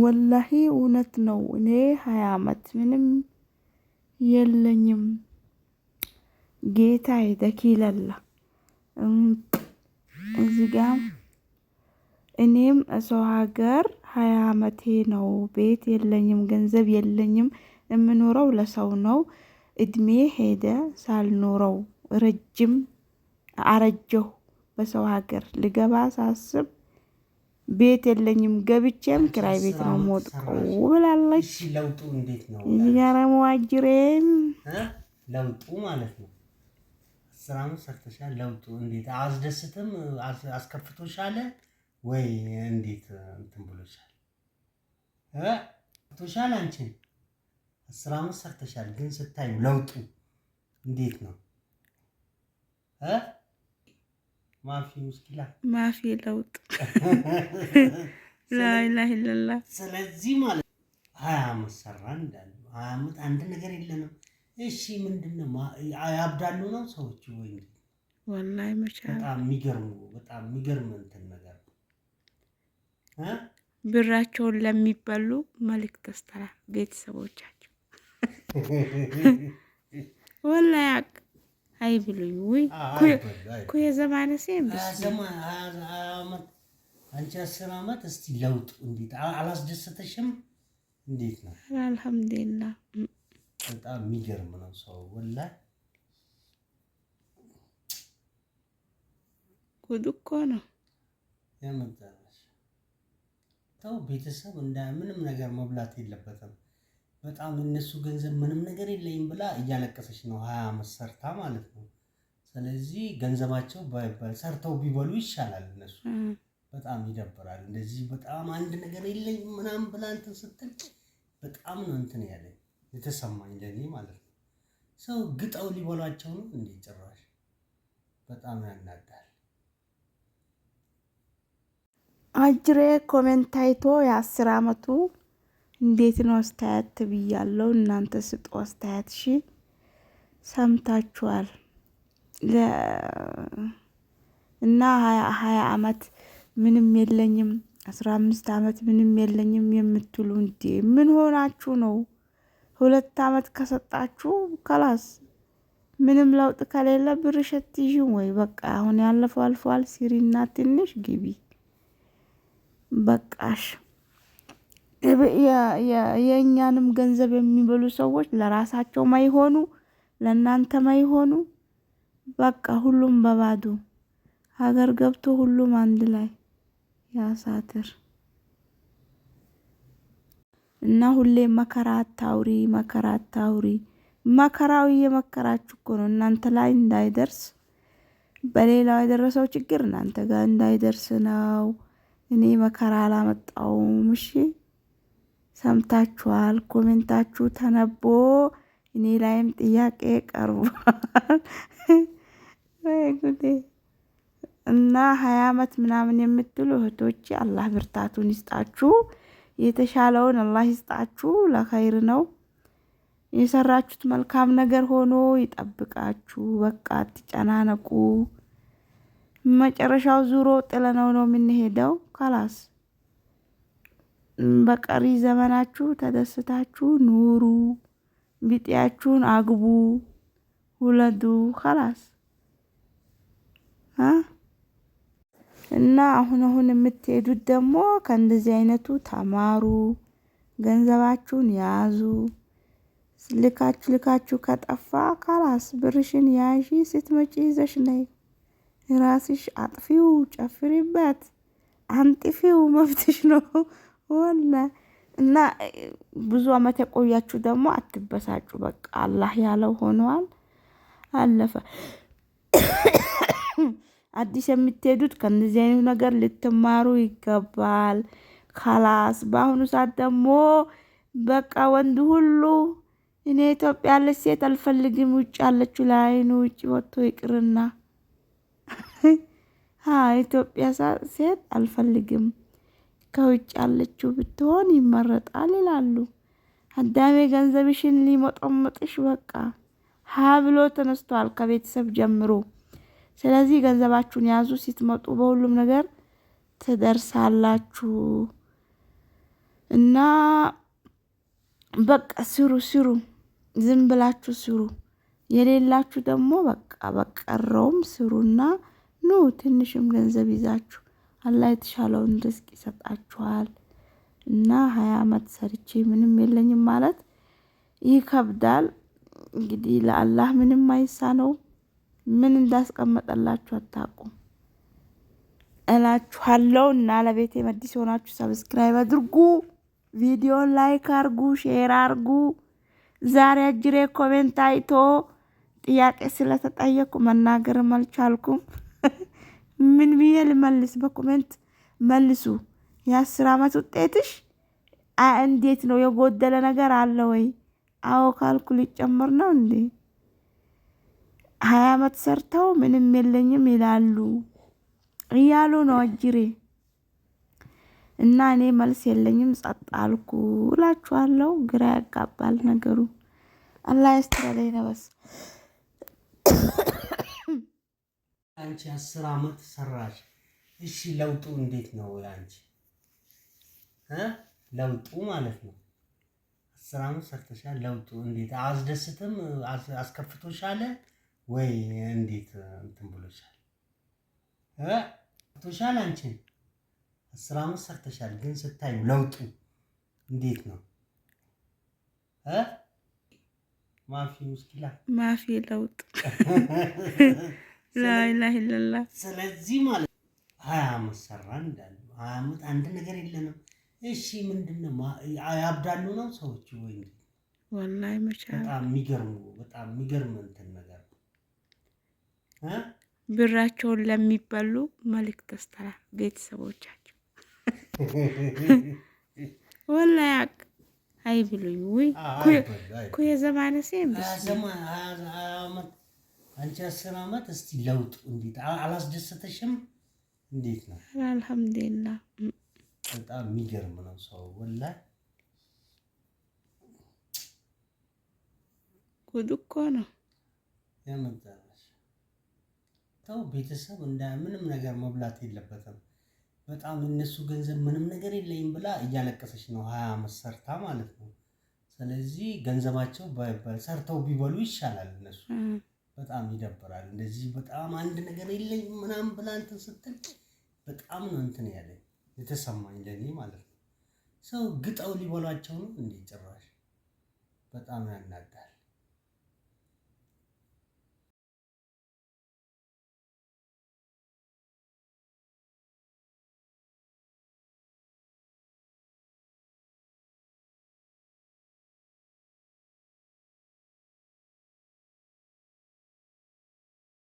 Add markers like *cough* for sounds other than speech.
ወላሂ እውነት ነው። እኔ ሀያ አመት ምንም የለኝም። ጌታ ተኪለላ እዚህ ጋ እኔም እሰው ሀገር ሀያ አመቴ ነው። ቤት የለኝም፣ ገንዘብ የለኝም። የምኖረው ለሰው ነው። እድሜ ሄደ ሳልኖረው ረጅም አረጀሁ። በሰው ሀገር ልገባ ሳስብ ቤት የለኝም ገብቼም ኪራይ ቤት ነው ሞጥቀው ብላለች። ያረሙ አጅሬን ለውጡ ማለት ነው። አስር አመት ሰርተሻል። ለውጡ እንዴት አስደስትም አስከፍቶሻለ ወይ እንዴት እንትን ብሎሻል ቶሻል አንቺን አስር አመት ሰርተሻል። ግን ስታዩ ለውጡ እንዴት ነው ማፊ ለውጥ ላይላይለላ ስለዚህ ማለት ሀያ አመት ሰራ እንዳለ ሀያ አመት አንድ ነገር የለንም። እሺ ምንድን ነው ያብዳሉ ነው ሰዎች ወይ ወላሂ መቼ በጣም የሚገርሙ በጣም የሚገርም እንትን ነገር ብራቸውን ለሚበሉ መልዕክት ተስተራ ቤተሰቦቻቸው *laughs* ወላሂ አይ ብሉኝ። ውይ እኮ የዘማነ ሴም አንቺ አስር አመት እስቲ ለውጡ እንዴት አላስደሰተሽም? እንዴት ነው? አልሐምዱሊላ በጣም የሚገርም ነው ሰው ወላሂ ጉድ እኮ ነው ያመጣለሽ። ተው ቤተሰብ እንዳ ምንም ነገር መብላት የለበትም። በጣም እነሱ ገንዘብ ምንም ነገር የለኝም ብላ እያለቀሰች ነው፣ ሀያ አመት ሰርታ ማለት ነው። ስለዚህ ገንዘባቸው ሰርተው ቢበሉ ይሻላል። እነሱ በጣም ይደብራል። እንደዚህ በጣም አንድ ነገር የለኝም ምናምን ብላ እንትን ስትል በጣም ነው እንትን ያለኝ የተሰማኝ ለእኔ ማለት ነው። ሰው ግጠው ሊበሏቸው ነው እንዴ? ጭራሽ በጣም ያናዳል። አጅሬ ኮሜንት ታይቶ የአስር አመቱ እንዴት ነው አስተያየት ትብያለው። እናንተ ስጡ አስተያየት። ሺ ሰምታችኋል። እና ሀያ አመት ምንም የለኝም አስራ አምስት አመት ምንም የለኝም የምትሉ እንዴ ምን ሆናችሁ ነው? ሁለት አመት ከሰጣችሁ ከላስ ምንም ለውጥ ከሌለ ብርሸት ይዥ ወይ በቃ አሁን ያለፈው አልፏል። ሲሪና ትንሽ ግቢ በቃሽ። የእኛንም ገንዘብ የሚበሉ ሰዎች ለራሳቸው ማይሆኑ ለእናንተ ማይሆኑ በቃ ሁሉም በባዶ ሀገር ገብቶ ሁሉም አንድ ላይ ያሳትር እና ሁሌ መከራ አታውሪ፣ መከራ አታውሪ። መከራው እየመከራችሁ እኮ ነው እናንተ ላይ እንዳይደርስ በሌላው የደረሰው ችግር እናንተ ጋር እንዳይደርስ ነው። እኔ መከራ አላመጣውም። እሺ ሰምታችኋል። ኮሜንታችሁ ተነቦ እኔ ላይም ጥያቄ ቀርቧል። *laughs* እና ሀያ አመት ምናምን የምትሉ እህቶች አላህ ብርታቱን ይስጣችሁ። የተሻለውን አላህ ይስጣችሁ። ለኸይር ነው የሰራችሁት። መልካም ነገር ሆኖ ይጠብቃችሁ። በቃ አትጨናነቁ። መጨረሻው ዙሮ ጥለነው ነው የምንሄደው። ካላስ በቀሪ ዘመናችሁ ተደስታችሁ ኑሩ። ቢጤያችሁን አግቡ፣ ውለዱ። ከላስ እና አሁን አሁን የምትሄዱት ደግሞ ከእንደዚህ አይነቱ ተማሩ፣ ገንዘባችሁን ያዙ። ልካችሁ ልካችሁ ከጠፋ ከላስ ብርሽን ያዢ፣ ስትመጪ ይዘሽ ነይ። ራስሽ አጥፊው፣ ጨፍሪበት፣ አንጥፊው፣ መብትሽ ነው። ወላ እና ብዙ አመት የቆያችሁ ደግሞ አትበሳጩ። በቃ አላህ ያለው ሆኗል፣ አለፈ። አዲስ የምትሄዱት ከነዚህ አይነት ነገር ልትማሩ ይገባል። ካላስ በአሁኑ ሰዓት ደግሞ በቃ ወንድ ሁሉ እኔ ኢትዮጵያ ያለች ሴት አልፈልግም፣ ውጭ ያለችው ለአይኑ ውጭ ወጥቶ ይቅርና ኢትዮጵያ ሴት አልፈልግም ከውጭ ያለችው ብትሆን ይመረጣል ይላሉ። አዳሜ ገንዘብሽን ሊመጠምጥሽ በቃ ሀ ብሎ ተነስቷል ከቤተሰብ ጀምሮ። ስለዚህ ገንዘባችሁን ያዙ፣ ስትመጡ በሁሉም ነገር ትደርሳላችሁ እና በቃ ስሩ ስሩ፣ ዝም ብላችሁ ስሩ። የሌላችሁ ደግሞ በቃ በቀረውም ስሩና ኑ ትንሽም ገንዘብ ይዛችሁ አላህ የተሻለውን ርዝቅ ይሰጣችኋል እና ሀያ አመት ሰርቼ ምንም የለኝም ማለት ይከብዳል። እንግዲህ ለአላህ ምንም ነው ምን እንዳስቀመጠላችሁ አታውቁም እላችኋለሁ። እና ለቤት መዲስ የሆናችሁ ሰብስክራይብ አድርጉ፣ ቪዲዮ ላይክ አርጉ፣ ሼር አርጉ። ዛሬ አጅሬ ኮሜንት አይቶ ጥያቄ ስለተጠየቁ መናገርም አልቻልኩም። ምን ብዬ ልመልስ? በኮሜንት መልሱ። የአስር አመት ውጤትሽ እንዴት ነው? የጎደለ ነገር አለ ወይ? አዎ ካልኩ ሊጨምር ነው እንዴ? ሀያ ዓመት ሰርተው ምንም የለኝም ይላሉ እያሉ ነው አጅሬ እና እኔ መልስ የለኝም፣ ጸጥ አልኩ እላችኋለሁ። ግራ ያጋባል ነገሩ። አላህ ያስተላለኝ ነበስ አንቺ አስር አመት ሰራሽ። እሺ ለውጡ እንዴት ነው ያንቺ? ለውጡ ማለት ነው አስር አመት ሰርተሻል። ለውጡ እንዴት አስደስትም አስከፍቶሻል ወይ እንዴት እንትን ብሎሻል? አስከፍቶሻል። አንቺን አስር አመት ሰርተሻል፣ ግን ስታዩ ለውጡ እንዴት ነው? ማፊ ውስኪላ ማፊ ለውጥ *laughs* ላላ ስለዚህ ማለት ሀያ አመት ሰራ እንዳሉ ሀያ አመት አንድ ነገር የለንም። እሺ ምንድነው ያብዳሉ ነው ሰዎች ወይ ወላሂ መቻ በጣም የሚገርሙ በጣም የሚገርም እንትን ነገር ብራቸውን ለሚበሉ መልእክት ተስተራ ቤተሰቦቻቸው ወላሂ አቅ አይ ብሉኝ ወይ ኩ የዘማነ ሴ አንቺ አሰማመት እስቲ ለውጡ እንዴት አላስደሰተሽም? እንዴት ነው? አልሐምዱሊላ በጣም የሚገርም ነው ሰው ወላሂ ጉድ እኮ ነው የመጣነች። ተው ቤተሰብ እንደ ምንም ነገር መብላት የለበትም። በጣም የነሱ ገንዘብ ምንም ነገር የለኝም ብላ እያለቀሰች ነው፣ ሀያ አመት ሰርታ ማለት ነው። ስለዚህ ገንዘባቸው ሰርተው ቢበሉ ይሻላል እነሱ በጣም ይደብራል። እንደዚህ በጣም አንድ ነገር የለኝ ምናምን ብላ እንትን ስትል በጣም ነው እንትን ያለኝ የተሰማኝ ለኔ ማለት ነው። ሰው ግጠው ሊበሏቸው ነው እንዴ ጭራሽ! በጣም ያናዳል።